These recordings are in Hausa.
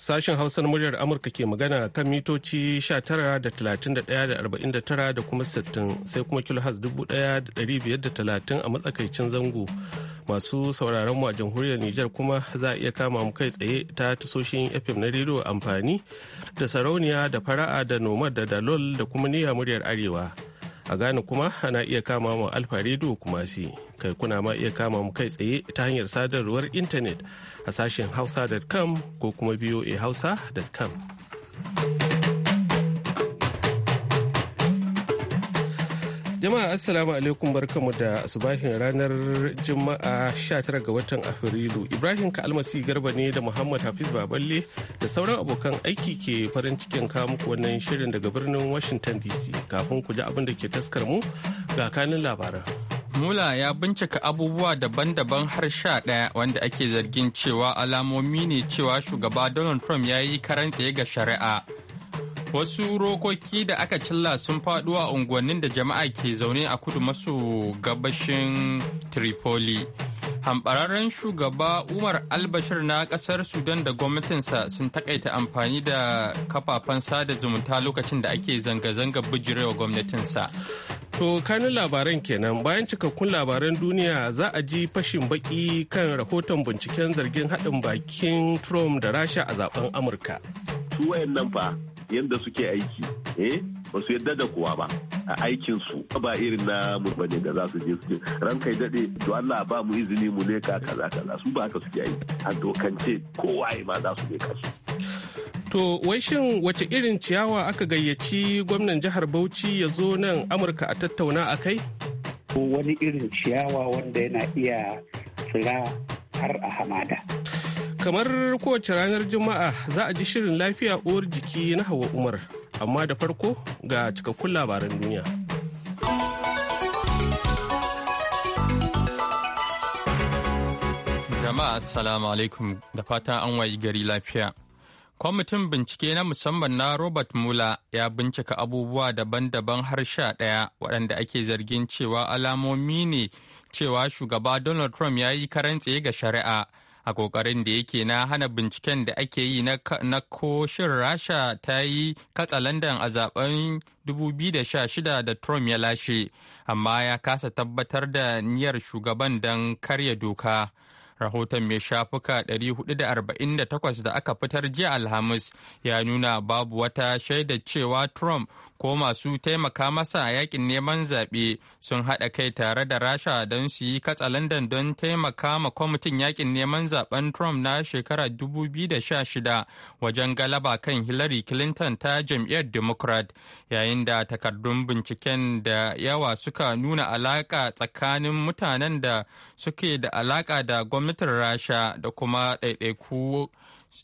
Sashen Hausar muryar Amurka ke magana kan mitoci 19 da kuma 60 sai kuma kilohaz 1530 a matsakaicin zango. Masu sauraron mu a jamhuriyar Nijar kuma za a iya kama mu kai tsaye ta tasoshin FM na rediyo amfani da sarauniya da fara'a da noma da dalol da kuma niyya muryar Arewa. A Ghana kuma ana iya kama mu Alfa rediyo Kumasi. kai kuna ma iya kama mu kai tsaye ta hanyar sadarwar intanet a sashen hausa.com ko kuma voa hausa.com jama'a assalamu alaikum barkamu da subahin ranar juma'a 19 ga watan afrilu ibrahim ka almasi garba ne da muhammad hafiz baballe da sauran abokan aiki ke farin cikin kawo muku wannan shirin daga birnin washington dc kafin ku ji abin da ke taskar mu ga kanin labaran Mula ya bincika abubuwa daban-daban har sha ɗaya wanda ake zargin cewa alamomi ne cewa shugaba Donald Trump ya yi karantse ga shari'a. Wasu rokoki da aka cilla sun faɗo a unguwannin da jama'a ke zaune a kudu maso gabashin Tripoli. hambararren shugaba umar albashir na ƙasar sudan da gwamnatinsa sun takaita amfani da kafafen sada zumunta lokacin da ake zanga zanga bijirewa gwamnatinsa to kanin labaran kenan bayan cikakkun labaran duniya za a ji fashin baki kan rahoton binciken zargin haɗin bakin trump da rasha a zaben amurka su fa yadda suke aiki eh ba su yadda da kowa ba a aikin su ba irin na mu bane ga za su je su ran kai dade to Allah ba mu izini mu ne ka kaza kaza su ba ka suke yi a dokance kowaye ma za su ne kasu To wai shin wace irin ciyawa aka gayyaci gwamnan jihar Bauchi ya zo nan Amurka a tattauna a kai? Ko wani irin ciyawa wanda yana iya tsira har a hamada. Kamar kowace ranar Juma'a za a ji shirin lafiya uwar jiki na Hawa Umar. amma da farko ga cikakkun labaran duniya. Jama'a Assalamu alaikum da fata an wayi gari lafiya. Kwamitin bincike na musamman na Robert Mueller ya bincika abubuwa daban-daban har sha ɗaya waɗanda ake zargin cewa alamomi ne cewa shugaba Donald Trump ya yi karantse ga shari'a a kokarin da yake na hana binciken da ake yi na koshin rasha ta yi katsalandan a zaben 2016 da trump ya lashe amma ya kasa tabbatar da niyyar shugaban don karya doka. rahoton mai shafuka 448 da aka fitar jiya alhamis ya nuna babu wata shaida cewa trump ko masu taimaka masa a yakin neman zaɓe sun haɗa kai tare da rasha don su yi katsalandan don taimaka ma kwamitin yakin neman zaben trump na shekara 2016 wajen galaba kan hillary clinton ta jam'iyyar democrat yayin da takardun binciken da yawa suka nuna alaƙa tsakanin mutanen da suke da alaƙa da gwamnati kwamitin rasha da kuma ɗaiɗaiku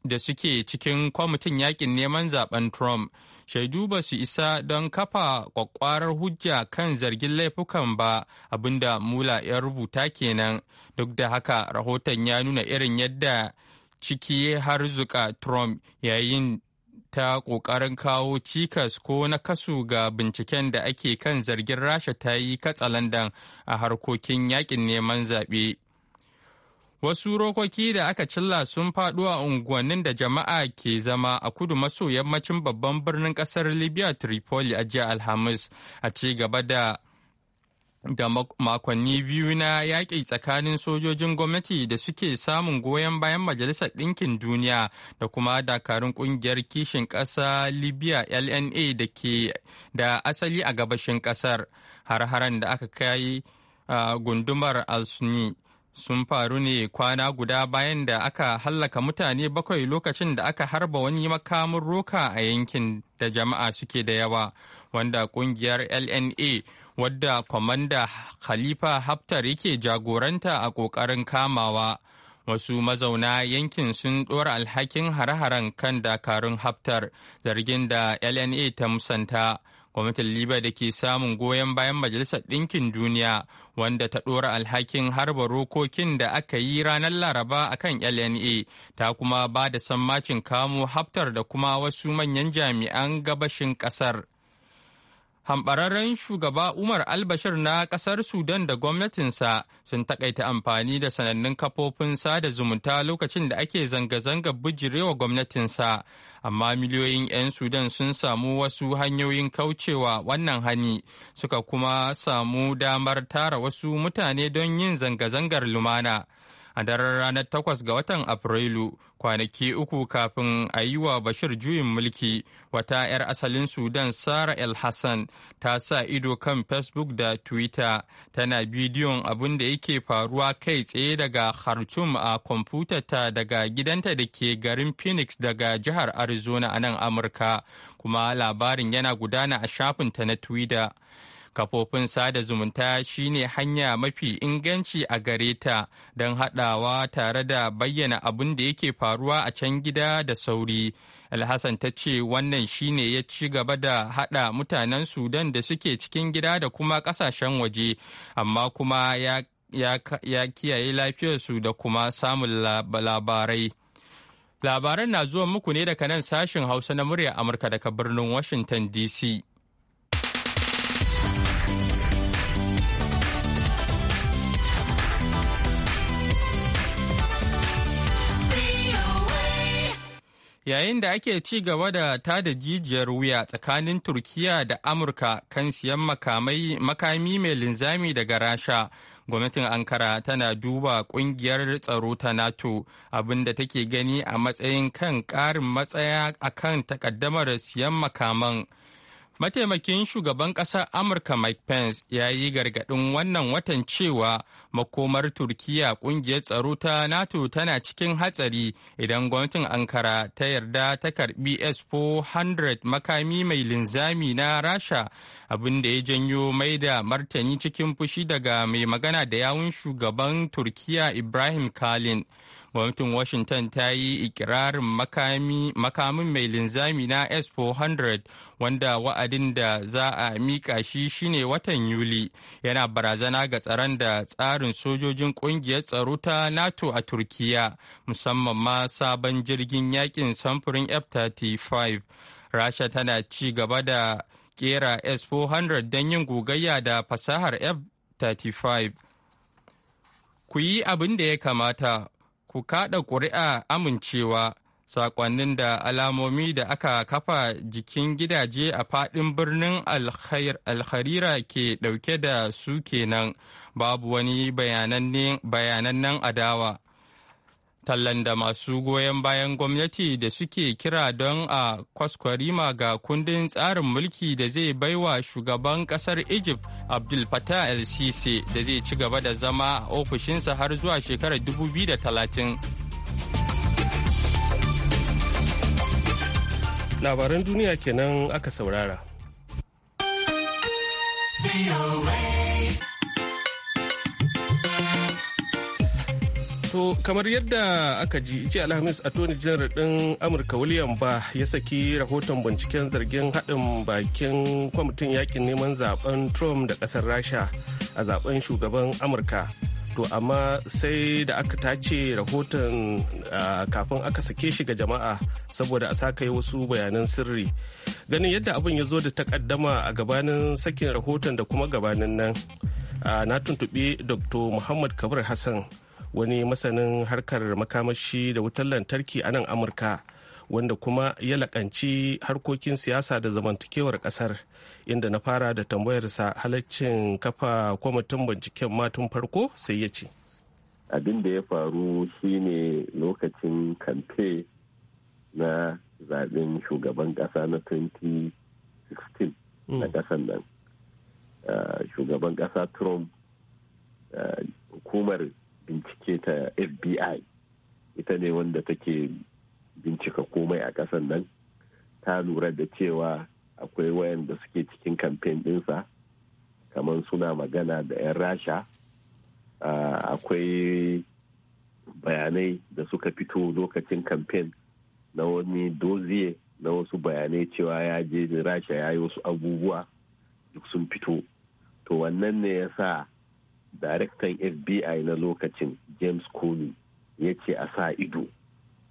da suke cikin kwamitin yakin neman zaben trump shaidu ba su isa don kafa kwakwarar hujja kan zargin laifukan ba abinda mula ya rubuta kenan duk da haka rahoton ya nuna irin yadda ciki har zuka trump yayin ta ƙoƙarin kawo cikas ko na kasu ga binciken da ake kan zargin rasha ta yi katsalandan a harkokin yakin neman zaɓe. Wasu rokoki da aka cilla sun faɗo a unguwannin da jama'a ke zama a kudu maso yammacin babban birnin ƙasar Libya Tripoli a jiya Alhamis a ci gaba da da makonni biyu na yaƙi tsakanin sojojin gwamnati da suke samun goyon bayan majalisar ɗinkin duniya da kuma dakarun ƙungiyar kishin ƙasa libya lna da ke da asali a gabashin ƙasar har-haren da aka kai gundumar al sun faru ne kwana guda bayan da aka hallaka mutane bakwai lokacin da aka harba wani makamin roka a yankin da jama'a suke da yawa wanda kungiyar lna wadda kwamanda khalifa haftar yake jagoranta a ƙoƙarin kamawa wasu mazauna yankin sun ɗora alhakin hare-haren kan dakarun haftar zargin da lna ta musanta gwamnatin liba da ke samun goyon bayan majalisar ɗinkin duniya wanda ta ɗora alhakin harba rokokin da aka yi ranar laraba a kan lna ta kuma ba da sammacin kamo haftar da kuma wasu manyan jami'an gabashin ƙasar hambararren shugaba Umar Albashir na ƙasar Sudan da gwamnatinsa sun takaita amfani da sanannun kafofin sada zumunta lokacin da ake zanga-zanga bijirewa gwamnatinsa, amma miliyoyin 'yan Sudan sun samu wasu hanyoyin kaucewa wannan hani suka kuma samu damar tara wasu mutane don yin zanga-zangar lumana. a daren ranar 8 ga watan Afrilu kwanaki uku kafin a yi wa Bashir juyin mulki wata 'yar asalin Sudan Sara El Hassan ta sa ido kan Facebook da Twitter tana bidiyon abin da yake faruwa kai tsaye daga Khartoum a kwamfutarta daga gidanta da ke garin Phoenix daga jihar Arizona a nan Amurka kuma labarin yana gudana a shafinta na Twitter. kafofin sada zumunta shine hanya mafi inganci a gare ta don haɗawa tare da bayyana abin da yake faruwa a can gida da sauri alhassan ta ce wannan shine ya ci gaba da haɗa mutanen sudan da suke cikin gida da kuma ƙasashen waje amma kuma ya, ya, ya kiyaye lafiyarsu da kuma samun labarai labaran na zuwa muku ne daga nan sashen hausa na murya amurka daga birnin washington dc yayin da ake ci gaba da tada jijiyar wuya tsakanin turkiya da amurka kan siyan makami mai linzami daga rasha gwamnatin ankara tana duba kungiyar tsaro ta nato abinda take gani a matsayin kan karin matsaya akan takaddamar siyan makaman Mataimakin shugaban ƙasar Amurka Mike Pence ya yi gargaɗin wannan watan cewa makomar Turkiyya ƙungiyar tsaro ta NATO tana cikin hatsari idan gwamnatin Ankara ta yarda ta karbi S-400 makami mai linzami na Rasha abinda ya janyo mai da martani cikin fushi daga mai magana da yawun shugaban Turkiyya Ibrahim Kalin. gwamnatin washington ta yi ikirarin makamin mai linzami na s-400 wanda wa'adin da za a mika shi shine watan yuli yana barazana ga tsaron da tsarin sojojin kungiyar tsaro ta nato a turkiya musamman ma sabon jirgin yakin samfurin f-35 rasha tana ci gaba da kera s-400 don yin gogayya da fasahar f-35 ku yi abin da ya kamata ku kaɗa ƙuri'a amincewa saƙonnin da alamomi da aka kafa jikin gidaje a faɗin birnin alharira ke ɗauke da su kenan babu wani bayanannen adawa tallan da masu goyon bayan gwamnati da suke kira don a kwaskwarima ga kundin tsarin mulki da zai baiwa shugaban kasar egypt abdul fattah el sisi da zai ci gaba da zama a ofishinsa har zuwa shekarar 2030 labaran duniya kenan aka saurara. To kamar yadda aka ji jiya Alhamis Attorney General ɗin Amurka William ba ya saki rahoton binciken zargin haɗin bakin kwamitin yakin neman zaben Trump da ƙasar Rasha a zaben shugaban Amurka. To amma sai da aka tace rahoton kafin aka sake shi ga jama'a saboda a sa yi wasu bayanan sirri. Ganin yadda abin ya zo da takaddama a gabanin sakin rahoton da kuma gabanin nan. na tuntuɓi Dr. Muhammad Kabir Hassan wani masanin harkar makamashi da wutar lantarki a nan amurka wanda kuma ya lakanci harkokin siyasa da zamantakewar kasar inda na fara da tambayarsa halaccin kafa kwamitin binciken matun farko sai ya ce abin da ya faru shine lokacin kamfe na zaben shugaban kasa na 2016 na kasan nan ah, shugaban kasa trump ah, hukumar bincike ta fbi ita ne wanda take bincika komai a kasan nan ta lura da cewa akwai wayanda suke cikin kamfen dinsa kamar suna magana da 'yan rasha akwai bayanai da suka fito lokacin kamfen na wani doziye na wasu bayanai cewa ya je rasha ya yi wasu abubuwa duk sun fito to wannan ne ya sa daraktan fbi na lokacin james comey ya ce a sa ido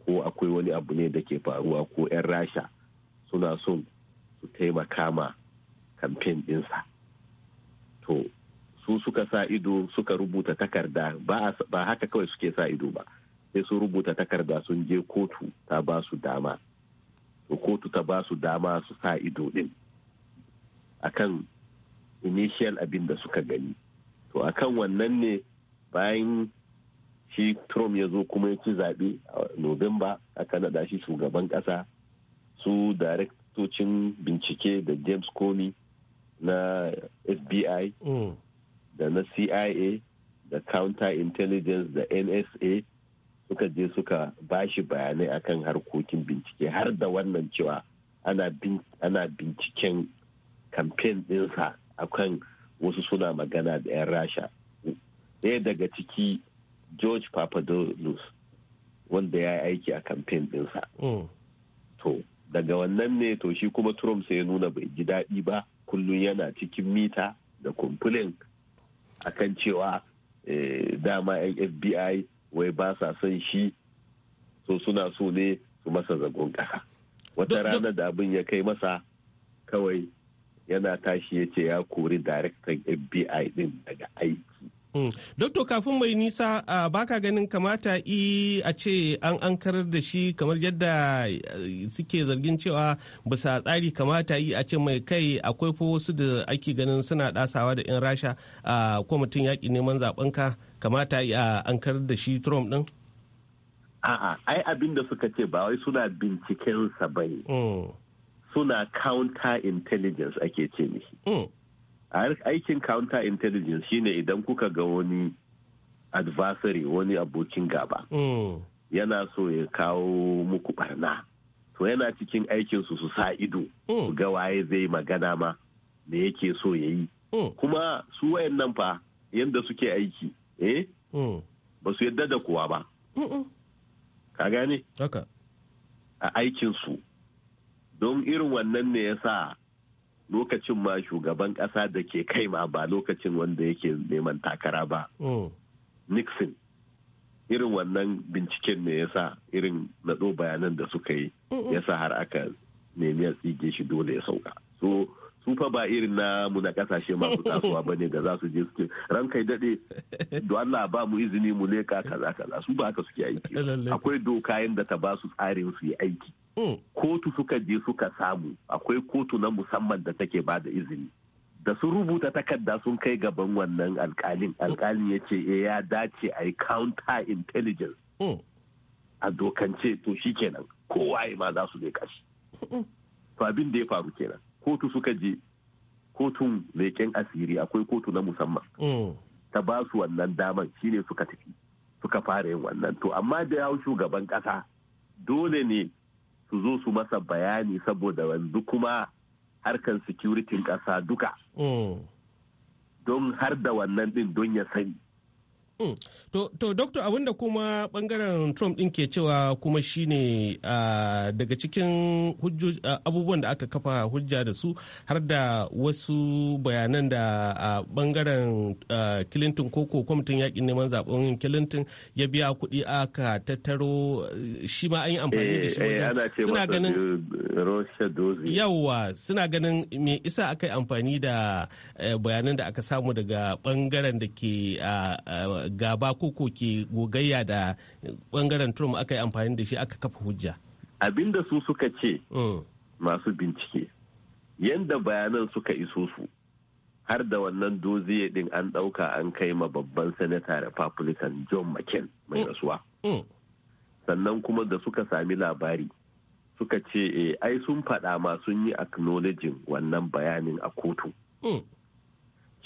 ko akwai wani abu ne da ke faruwa ko 'yan rasha suna son su taimaka ma kamfen ɗinsa to su suka sa ido suka rubuta takarda ba haka kawai suke sa ido ba sai su rubuta takarda sun je kotu ta ba su dama to kotu ta ba su dama su sa ido ɗin akan initial abin da suka gani to akan wannan ne bayan shi trump ya zo kuma ya ci zaɓe a novemba aka naɗa shi shugaban ƙasa su daraktocin bincike da james comey na fbi mm. da na cia da counter intelligence da nsa suka je suka bashi bayanai akan harkokin bincike har da wannan cewa ana binciken kamfen ɗinsa akan wasu suna magana da 'yan rasha ɗaya daga ciki george papadopoulos wanda ya yi aiki a kamfen ɗinsa mm. to daga wannan ne to shi kuma trump sai ya nuna bai ji daɗi ba kullum yana cikin mita da kumfulin akan cewa eh, dama yan fbi wai ba sa son shi so suna so ne su masa zagon ƙasa wata rana da abin ya kai masa kawai yana tashi ya ce ya kori daraktan FBI din daga aiki. Hmm. Dokto kafin mai nisa baka ganin kamata i a ce an ankarar da shi kamar yadda eh, suke zargin cewa bisa tsari kamata yi a ce mai kai akwai fa wasu da ake ganin suna dasawa da 'yan rasha a mutum yaƙi neman zaɓenka kamata yi a ankarar da shi Trump din. A'a, ai abin suka ce ba wai suna bincikensa ba ne. Hmm. suna counter intelligence ake ce mishi. Hmm. aikin counter intelligence shine idan kuka ga wani adversary wani abokin gaba hmm. yana so ya kawo muku barna to yana cikin aikin su su sa ido hmm. ga waye zai magana ma da yake so ya yi kuma su wayannan fa yadda suke aiki eh ba su yadda da kowa ba ka gane a aikinsu don irin wannan ne ya sa lokacin ma shugaban ƙasa da ke kai ma ba lokacin wanda yake neman takara ba mm. nixon irin wannan binciken ne ya sa irin nado bayanan da suka yi ya sa har aka nemi a tsige shi dole ya sauka so su fa ba irin na mu na kasashe masu tasowa ba ne da za su je su ce kai daɗe da Allah ba mu izini mu ne ka kaza kaza su ba haka suke aiki akwai doka yadda ta ba su tsarin su yi aiki hmm. kotu suka je suka samu akwai kotu na musamman da take ba da izini da sun rubuta takarda sun kai gaban wannan alkalin alkalin ya ce eh, ya dace a yi counter intelligence hmm. a dokance to shikenan kowa ma za su leka shi hmm. to abin da ya faru kenan kotu suka je kotun leƙen asiri akwai kotu na musamman mm. ta ba su wannan daman shine suka tafi suka fara yin wannan to amma da yawo shugaban ƙasa dole ne su zo su masa bayani saboda wanzu kuma harkan sikuritin ƙasa duka mm. don har da wannan din don ya sani Mm. To, to Dokta abinda kuma bangaren Trump ɗin ke cewa kuma shine uh, daga cikin uh, abubuwan da aka kafa hujja da su har da wasu bayanan da uh, ah, bangaren uh, Clinton ko kwamitin yakin neman zaben Clinton ya biya kuɗi aka tattaro shi ma an yi amfani da shi eh, eh, wajen suna ganin yawa suna ganin me isa aka yi amfani da eh, bayanan da aka samu daga bangaren da ke gaba ko koke gogayya da bangaren Trump aka yi amfani da shi aka kafa hujja? abinda su suka ce mm. masu bincike, yadda bayanan suka iso su, har da wannan doziye din an ɗauka an kai ma babban Sanata Republican John McCain mai mm. rasuwa. Mm. Sannan kuma da suka sami labari. suka ce eh, ai sun faɗa ma sun yi acknowledging wannan bayanin a kotu.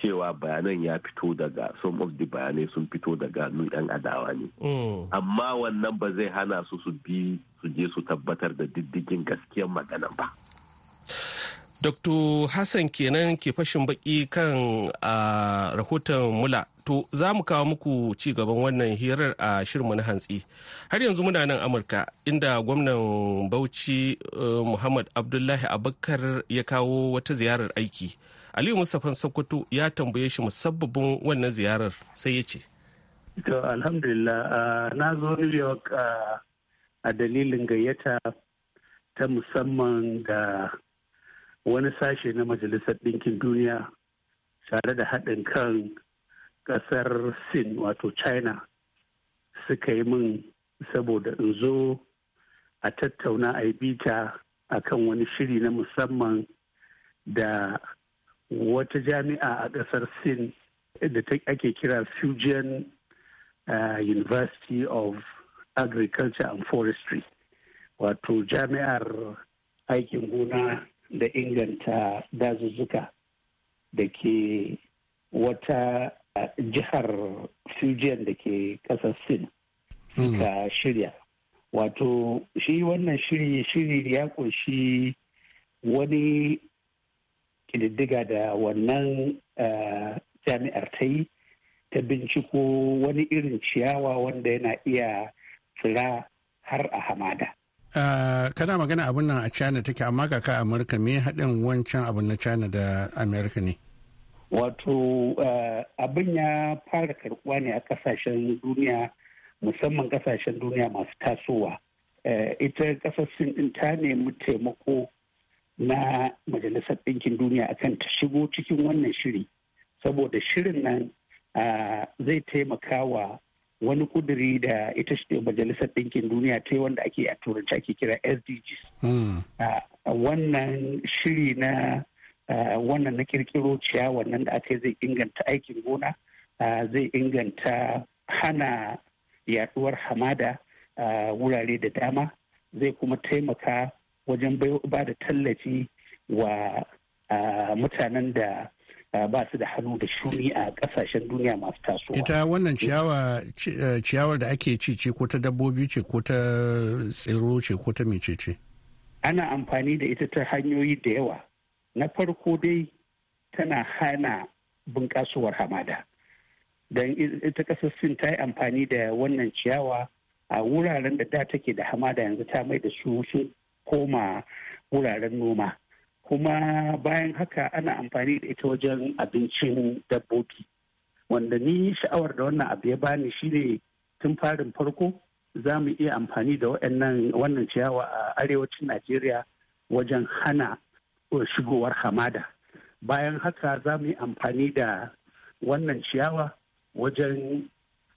cewa bayanan ya fito daga some of the bayanai sun fito daga nun yan adawa ne mm. amma wannan ba zai hana su su bi su je su tabbatar da diddigin gaskiyar magana ba Dr. Hassan kenan ke fashin baki kan a rahoton mula. To za mu kawo muku ci gaban wannan hirar a shirmu na hantsi. Har yanzu muna nan Amurka inda gwamnan Bauchi eh, Muhammad Abdullahi Abubakar ya kawo wata ziyarar aiki. aliyu mustapha sokoto ya tambaye shi musabbabin wannan ziyarar sai ya ce to alhamdulillah na zo new york a dalilin gayyata ta musamman da wani sashe na majalisar ɗinkin duniya tare da haɗin kan ƙasar sin wato china suka yi min saboda in zo a tattauna a yi bita a kan wani shiri na musamman da wata jami'a a ƙasar sin da ake kira fujian eh, university of agriculture and forestry wato jami'ar aikin gona da inganta dazuzzuka da ke wata eh, jihar fujian da ke ƙasar sin ka hmm. shirya wato shi wannan shiri shiri ya ƙunshi wani kididdiga da wannan eh, jami'ar ta yi ta binciko wani irin ciyawa wanda yana iya tsira har a hamada. Eh, kana magana abin nan a china take amma kaka amurka me haɗin wancan abin na china da Amurka ne wato eh, abin ya fara karɓuwa ne a ƙasashen duniya musamman ƙasashen duniya masu tasowa ita ƙasar sin ta nemi taimako na majalisar ɗinkin duniya akan ta shigo cikin wannan shiri saboda shirin nan zai taimaka wa wani kuduri da ita shi majalisar ɗinkin duniya ta yi wanda ake a turanci ake kira sdgs hmm. wannan shiri na wannan na kirkiro ciyawa nan da aka zai inganta aikin gona zai inganta hana yaduwar hamada wurare da dama zai kuma taimaka wajen ba da tallafi wa mutanen da ba su da hannu da shuni a kasashen duniya masu tasowa. Ita wannan eh, ciyawar da ake ci ce ko ta dabbobi ce ko ta tsiro ce ko ta mece Ana amfani da ita ta hanyoyi da yawa. Na farko dai tana hana bunƙasowar hamada. Don ita ƙasar Sin ta yi amfani da wannan ciyawa a wuraren da da take da hamada yanzu ta mai da su koma wuraren noma kuma bayan haka ana amfani da ita wajen abincin dabbobi wanda ni sha'awar da wannan abu ya bani shine tun farin farko za mu iya amfani da wannan ciyawa a arewacin najeriya wajen hana uh, shigowar hamada bayan haka za mu yi amfani da wannan ciyawa wajen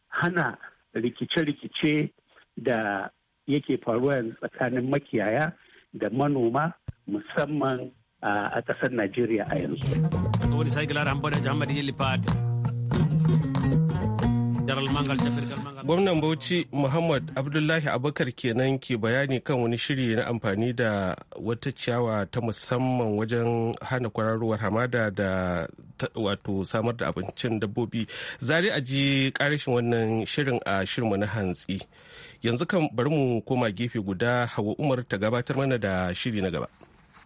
hana rikice-rikice da yake faruwa yanzu tsakanin makiyaya da manoma musamman a ƙasar Najeriya a yanzu. Gwamnan Bauchi Muhammad Abdullahi Abubakar kenan ke bayani kan wani shiri na amfani da wata ciyawa ta musamman wajen hana kwararowar hamada da wato samar da abincin dabbobi. Zari a ji karishin wannan shirin a shirma na hantsi. yanzu kan bari mu koma gefe guda hawa umar ta gabatar mana da shiri na gaba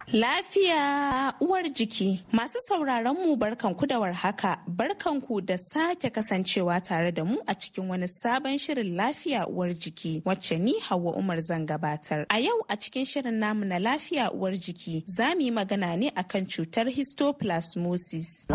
Lafiya uwar jiki masu sauraron mu barkanku da warhaka barkanku da sake kasancewa tare da mu a cikin wani sabon shirin lafiya uwar jiki wacce ni Hauwa Umar zan gabatar. A yau a cikin shirin namu na lafiya uwar jiki za mu yi magana ne akan cutar histoplasmosis.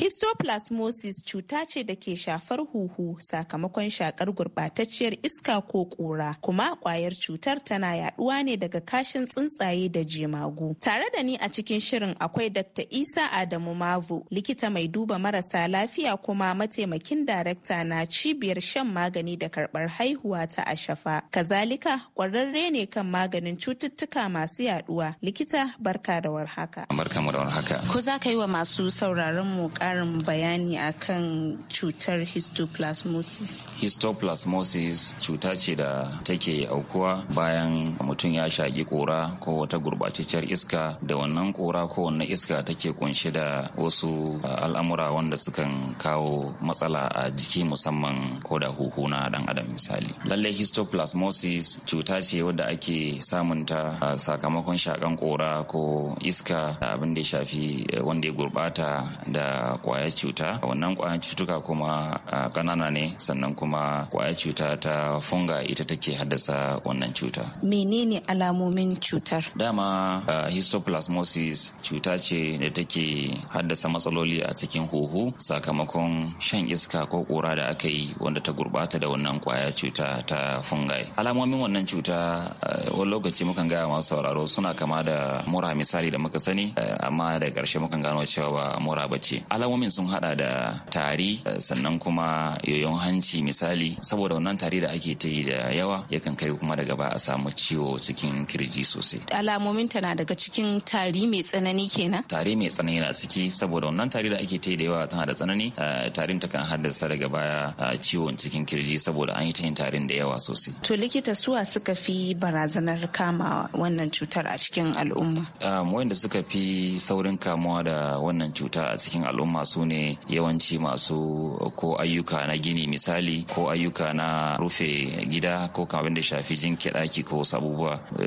Histoplasmosis cuta ce da ke shafar huhu sakamakon shakar gurbatacciyar iska ko kura kuma kwayar cutar tana yaduwa ne daga kashin tsuntsaye da jemagu. Tare da ni a cikin shirin akwai Dr. Isa Adamu Mavu, likita mai duba marasa lafiya kuma mataimakin darakta na cibiyar shan magani da karbar haihuwa ta Ashafa. Kazalika kwararre ne kan maganin cututtuka masu yaduwa. Likita barka da warhaka. Barka da warhaka. Ko za ka yi wa masu sauraron mu ƙarin bayani akan cutar histoplasmosis histoplasmosis cuta ce da take aukuwa bayan mutum ya shaƙi ƙura ko wata gurɓatacciyar iska da wannan ƙura ko wannan iska take kunshe da wasu al'amura wanda sukan kawo matsala a jiki musamman ko da huhu na ɗan adam misali lallai histoplasmosis cuta ce wadda ake samunta a sakamakon shakan ƙura ko iska abin da ya shafi eh, wanda ya gurɓata da kwayar cuta wannan kwayan cutuka kuma kanana ne sannan kuma kwayar cuta ta funga ita take haddasa wannan cuta menene alamomin cutar dama histoplasmosis cuta ce da take haddasa matsaloli a cikin huhu sakamakon shan iska ko kura da aka yi wanda ta gurbata da wannan kwaya cuta ta fungai alamomin wannan cuta wani lokaci mukan gaya masu sauraro suna kama da mura misali da muka sani amma da ƙarshe mukan gano cewa mura bace alamomin sun hada da tari eh, sannan kuma yoyon hanci misali saboda wannan tari da ake ta yi da yawa yakan kai kuma daga ba a samu ciwo cikin kirji sosai alamomin ta na daga cikin tari mai tsanani kenan tari mai tsanani na ciki saboda wannan tari da ake ta yi da yawa tana da tsanani eh, tarin ta kan haddasa daga baya eh, ciwon cikin kirji saboda an yi ta yin tarin da yawa sosai to likita suwa suka fi barazanar kama wannan cutar a cikin al'umma um, wanda suka fi saurin kamuwa da wannan cuta a cikin al'umma al'umma ne yawanci masu ko ayyuka na gini misali ko ayyuka na rufe gida ko kamar abin da shafi jinke daki ko wasu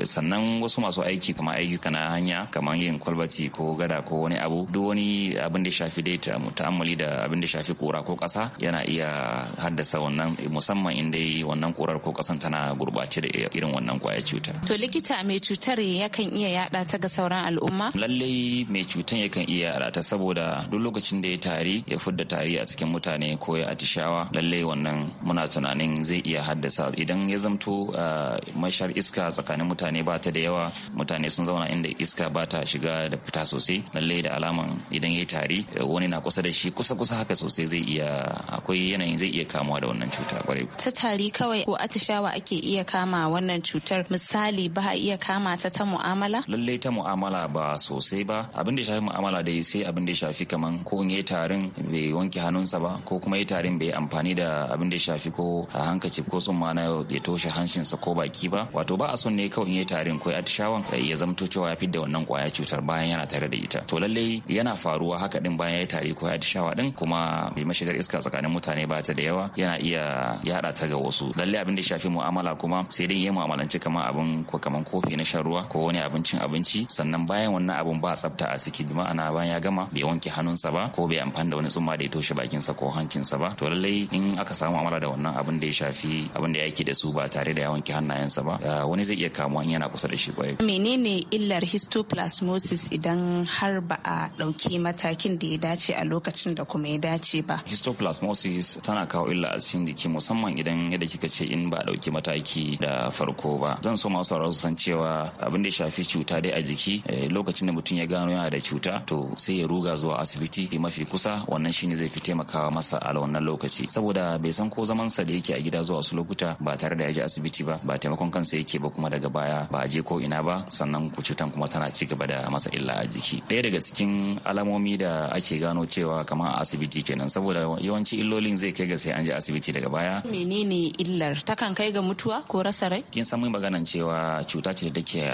sannan wasu masu aiki kamar ayyuka na hanya kamar yin kwalbati ko gada ko wani abu duk wani abin da shafi dai ta'ammali da abin da shafi kura ko ƙasa yana iya haddasa wannan musamman in dai wannan kurar ko ƙasan tana gurbace da irin wannan kwaya cuta to likita mai cutar yakan iya yada ta ga sauran al'umma lallai mai cutar yakan iya yada ta saboda duk lokacin lokacin da ya tari ya fudda tari a cikin mutane ko ya atishawa lallai wannan muna tunanin zai iya haddasa idan ya zamto ah, mashar iska tsakanin mutane ba ta da yawa mutane sun zauna inda iska ba ta shiga da fita sosai lallai da alaman idan ya tari wani na kusa da shi kusa kusa haka sosai zai iya akwai yanayin zai iya kamuwa da wannan cuta kwarai ta tari kawai ko atishawa ake iya kama wannan cutar misali ba iya kama ta ta mu'amala lallai ta mu'amala ba sosai ba abin da ya shafi mu'amala dai sai abin da ya shafi kaman ko mutum ya yi tarin bai wanke hannunsa ba ko kuma ya tarin bai amfani da abin da ya shafi ko a hankaci ko ma na ya toshe hanshinsa ko baki ba wato ba a son ne kawai ya yi tarin ko atishawan eh, ya zamto cewa ya fidda wannan kwaya cutar bayan yana tare da ita to lallai yana faruwa haka din bayan ya yi tari ko atishawa din kuma bai mashigar iska tsakanin mutane ba ta da yawa yana iya yada ta ga wasu lallai abin da ya shafi mu'amala kuma sai dai ya mu'amalanci kamar abin ko kamar kofi na shan ruwa ko wani abincin abinci sannan bayan wannan abun ba tsafta a ciki bi ma'ana bayan ya gama bai wanke hannunsa ba ko bai amfani da wani tsumma da ya toshe bakinsa ko hancinsa ba to lallai in aka samu amala da wannan abin da ya shafi abin da yake da su ba tare da ya wanke hannayensa ba eh, wani zai iya kamuwa in yana kusa da shi kwaye. menene illar histoplasmosis idan har ba a ɗauki matakin da ya dace a lokacin da kuma ya dace ba histoplasmosis tana kawo illa a cikin jiki musamman idan yadda kika ce in ba a ɗauki mataki da farko ba zan so masu sauraro su san cewa abin da ya shafi cuta dai a jiki eh, lokacin da mutum ya gano yana da cuta to sai ya ruga zuwa asibiti mafi kusa wannan shine zai fi taimakawa masa a wannan lokaci saboda bai san ko zaman sa da yake a gida zuwa wasu lokuta ba tare da ya je asibiti ba ba taimakon kansa yake ba kuma daga baya ba a je ko ina ba sannan cutan kuma tana ci gaba da masa illa a jiki ɗaya daga cikin alamomi da ake gano cewa kamar a asibiti kenan saboda yawanci illolin zai kai ga sai an je asibiti daga baya menene illar ta kan kai ga mutuwa ko rasa rai kin san mun maganan cewa cuta ce da take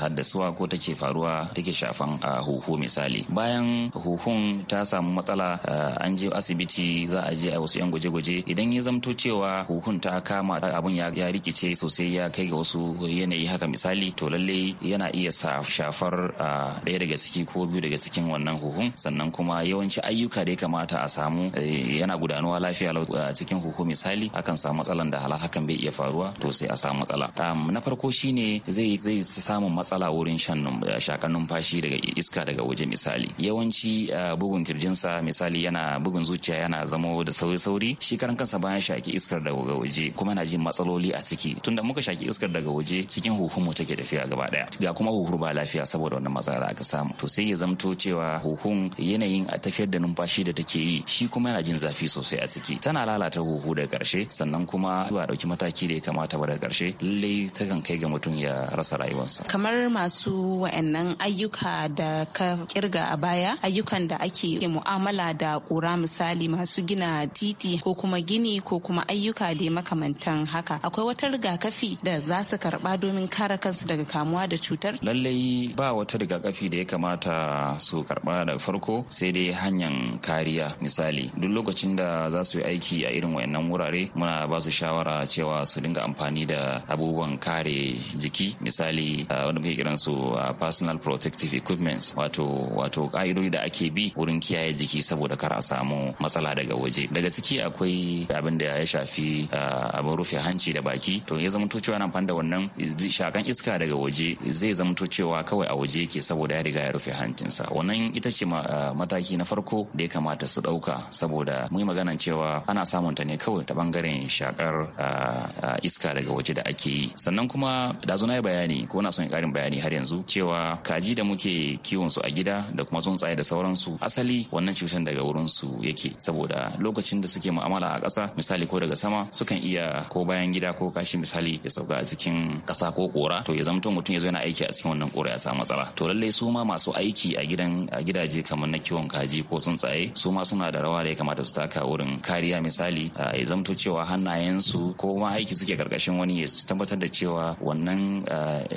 haddasuwa ko take faruwa take shafan huhu misali bayan huhun ta ta samu matsala eh, an je asibiti za a je a wasu yan gwaje-gwaje idan ya zamto cewa huhun ta kama abun ya rikice sosai ya kai ga wasu yanayi haka misali to lalle yana iya shafar ɗaya daga ciki ko biyu daga cikin wannan huhun sannan kuma yawanci ayyuka da ya kamata a samu eh, yana gudanuwa lafiya a cikin huhu misali akan samu matsalan da hakan bai iya faruwa to sai a samu matsala na farko shine zai zai samu matsala wurin shan shakan numfashi daga iska daga waje misali yawanci eh, bugun kirjinsa misali yana bugun zuciya yana zamo da sauri-sauri shi karan kansa bayan shaki iskar daga waje kuma na jin matsaloli a ciki tunda muka shaki iskar daga waje cikin huhunmu take tafiya gaba daya ga kuma huhur ba lafiya saboda wannan matsala da aka samu to sai ya zamto cewa huhun yanayin a tafiyar da numfashi da take yi shi kuma yana jin zafi sosai a ciki tana lalata huhu da karshe sannan kuma ba dauki mataki da ya kamata ba da karshe lallai takan kai ga mutum ya rasa rayuwarsa kamar masu wa'annan ayyuka da ka kirga a baya ayyukan da ake ke mu'amala da kura misali masu gina titi ko kuma gini ko kuma ayyuka da makamantan haka akwai wata rigakafi da za su karba domin kare kansu daga kamuwa da cutar lallai ba wata rigakafi da ya kamata su karba da farko sai dai hanyar kariya misali duk lokacin da za su yi aiki a irin wayannan wurare muna ba su shawara cewa su dinga amfani da abubuwan kare jiki misali ah, wanda muke kiransu ah, personal protective equipments wato wato ka'idodi da ake bi wurin kiyaye jiki saboda kar a samu matsala daga waje daga ciki akwai abin da ya shafi ah, abin rufe hanci da baki to ya zamanto cewa nan da wannan shakan iska daga waje zai zamanto cewa kawai a waje yake saboda ya riga ya rufe hancinsa wannan ita ce ah, mataki na farko da ya kamata su dauka saboda mu yi maganan cewa ana samun ta ne kawai ta bangaren shakar ah, iska daga waje da ake yi sannan kuma da zo yi bayani ko na son ƙarin bayani har yanzu cewa kaji da muke kiwon su a gida da kuma tsuntsaye da sauransu asali asali wannan cutar daga wurin su yake saboda lokacin da suke mu'amala a ƙasa misali ko daga sama sukan iya ko bayan gida ko kashi misali ya sauka a cikin ƙasa ko ƙora to ya zama mutum ya zo yana aiki a cikin wannan ƙora ya samu matsala to lallai su ma masu aiki a gidan a gidaje kamar na kiwon kaji ko tsuntsaye su ma suna da rawa da ya kamata su taka wurin kariya misali ya zamto cewa hannayensu ko ma aiki suke karkashin wani ya tabbatar da cewa wannan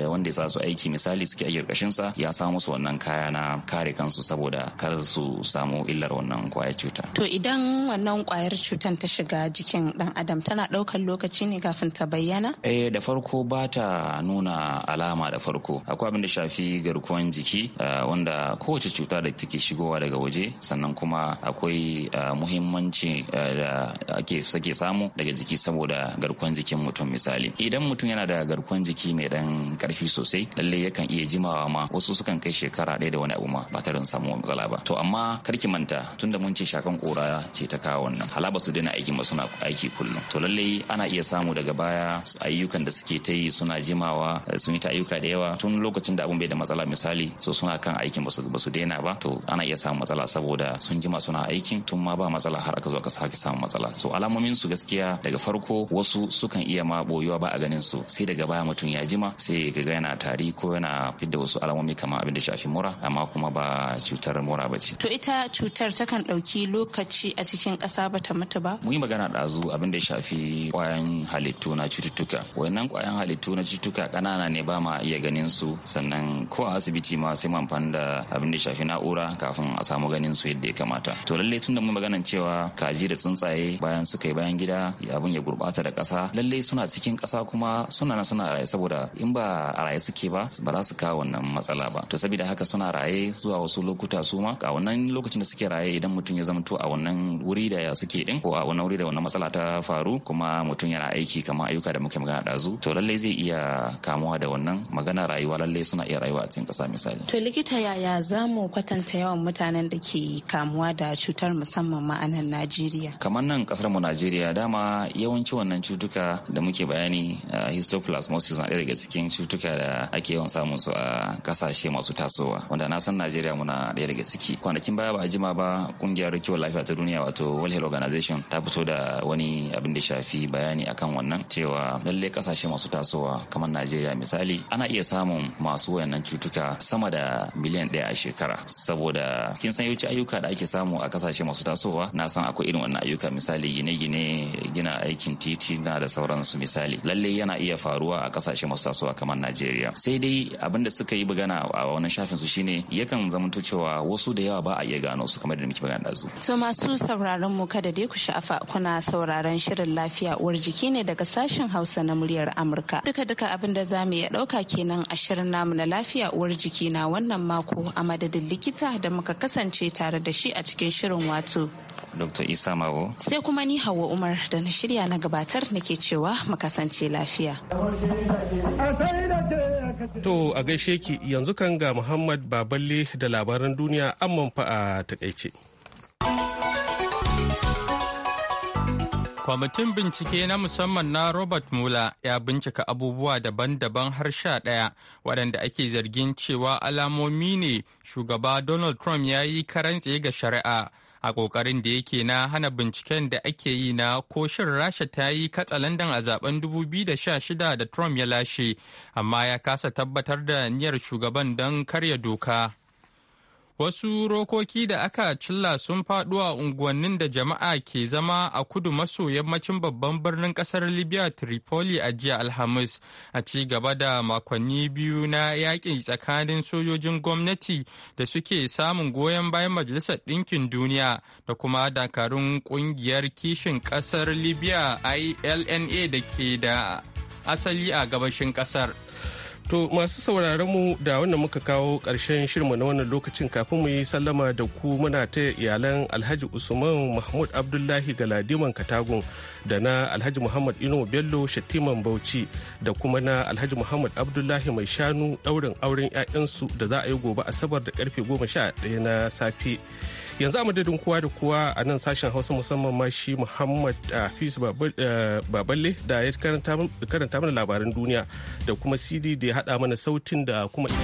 wanda ya sa su aiki misali suke aiki karkashin sa ya samu su wannan kaya na kare kansu saboda kar su samu illar wannan kwayar cuta. To idan wannan kwayar cutar ta shiga jikin dan adam tana ɗaukar lokaci ne kafin ta bayyana? Eh da farko ba ta nuna alama da farko. Akwai abin da shafi garkuwan jiki eh, wanda kowace cuta da take shigowa daga waje sannan kuma akwai eh, muhimmanci eh, da ake sake samu daga jiki saboda garkuwan jikin mutum misali. Idan mutum yana da garkuwan jiki mai dan karfi sosai lalle yakan iya jimawa ma wasu sukan kai shekara ɗaya da wani abu ma ba ta don samu matsala ba. To amma karki manta tunda mun ce shakan kora ce ta kawo wannan halaba su daina aiki ba suna aiki kullum to lalle ana iya samu daga baya ayyukan da suke ta yi suna jimawa sun yi ta ayyuka da yawa tun lokacin da abun bai da matsala misali so suna kan aikin ba su daina ba to ana iya samu matsala saboda sun jima suna aikin tun ma ba matsala har aka zo aka sake samun matsala so alamomin su gaskiya daga farko wasu sukan iya ma boyuwa ba a ganin su sai daga baya mutum ya jima sai ga yana tari ko yana fidda wasu alamomi kamar abin da shafi mura amma kuma ba cutar mura ba ce ita cutar takan ɗauki lokaci a cikin ƙasa ba ta mutu ba? Mun yi magana ɗazu abin da ya shafi ƙwayan halittu na cututtuka. Wannan kwayan halittu na cututtuka ƙanana ne ba ma iya ganin su sannan ko a asibiti ma sai amfani da abin da ya shafi na'ura kafin a samu ganin su yadda ya kamata. To lalle tun da mun magana cewa kaji da tsuntsaye bayan suka yi bayan gida abin ya gurɓata da ƙasa lalle suna cikin ƙasa kuma suna na suna raye saboda in ba a raye suke ba ba za su kawo wannan matsala ba. To saboda haka suna raye zuwa wasu lokuta su ma ga wannan lokacin da suke raye idan mutum ya zamto a wannan wuri da suke din ko a wannan wuri da wannan matsala ta faru kuma mutum yana aiki kamar ayyuka da muke magana dazu to lallai zai iya kamuwa da wannan magana rayuwa lallai suna iya rayuwa a cikin kasa misali to likita yaya za mu kwatanta yawan mutanen da ke kamuwa da cutar musamman ma a nan Najeriya kamar nan kasar mu Najeriya dama yawanci wannan cutuka da muke bayani histoplasmosis na daga cikin cutuka da ake yawan samun su a kasashe masu tasowa wanda na san Najeriya muna ɗaya daga ciki kwanakin baya ba a jima ba kungiyar kiwon lafiya ta duniya wato World Health Organization ta fito da wani abin da shafi bayani akan wannan cewa lalle kasashe masu tasowa kamar Najeriya misali ana iya samun masu wayannan cutuka sama da miliyan ɗaya a shekara saboda kin san yawanci ayyuka da ake samu a kasashe masu tasowa na san akwai irin wannan ayyuka misali gine-gine gina aikin titi na da sauransu misali lalle yana iya faruwa a kasashe masu tasowa kamar Najeriya sai dai abin da suka yi bugana a wannan shafin su shine yakan zamanto cewa wasu da yawa ba a iya gano su kamar da muke magana su. To masu sauraron mu kada dai ku sha'afa kuna sauraron shirin lafiya uwar jiki ne daga sashen Hausa na muryar Amurka. Duka duka abin da zamu iya dauka kenan a shirin namu na lafiya uwar jiki na wannan mako a madadin likita da muka kasance tare da shi a cikin shirin wato. Dr. Isa Mawo. Sai kuma ni Hauwa Umar da na shirya na gabatar nake cewa mu kasance lafiya. To a gaishe ki yanzu kan ga Muhammad Baballe da labaran duniya amman fa a takaice. Kwamitin bincike na musamman na Robert Mueller ya bincika abubuwa daban-daban har sha ɗaya waɗanda ake zargin cewa alamomi ne shugaba Donald Trump ya yi karantse ga shari'a. a ƙoƙarin da yake na hana binciken da ake yi na ko shin rasha ta yi katsalandan a zaben 2016 da trump ya lashe amma ya kasa tabbatar da niyyar shugaban don karya doka. Wasu rokoki da aka cilla sun faɗo a unguwannin da jama'a ke zama a kudu maso yammacin babban birnin ƙasar Libya Tripoli a jiya Alhamis a ci gaba da makonni biyu na yaƙi tsakanin sojojin gwamnati da suke samun goyon bayan Majalisar Ɗinkin Duniya da kuma dakarun ƙungiyar kishin ƙasar Libya ILNA da ke da asali a gabashin ƙasar. To masu sauraron mu da wannan muka kawo ƙarshen shirma na wannan lokacin kafin mu yi sallama da ku muna ta iyalan Alhaji Usman Mahmud Abdullahi Galadiman Katagun da na Alhaji Muhammad Ino Bello Shattiman Bauchi da kuma na Alhaji Muhammad Abdullahi Mai Shanu ɗaurin auren 'ya'yansu da za a yi gobe Asabar da karfe 11 na safe. yanzu a madadin kowa da kowa a nan sashen hausa musamman ma shi muhammad eh, hafiz eh, baballe da ya karanta mana labaran duniya da kuma cd da ya haɗa mana sautin da kuma yi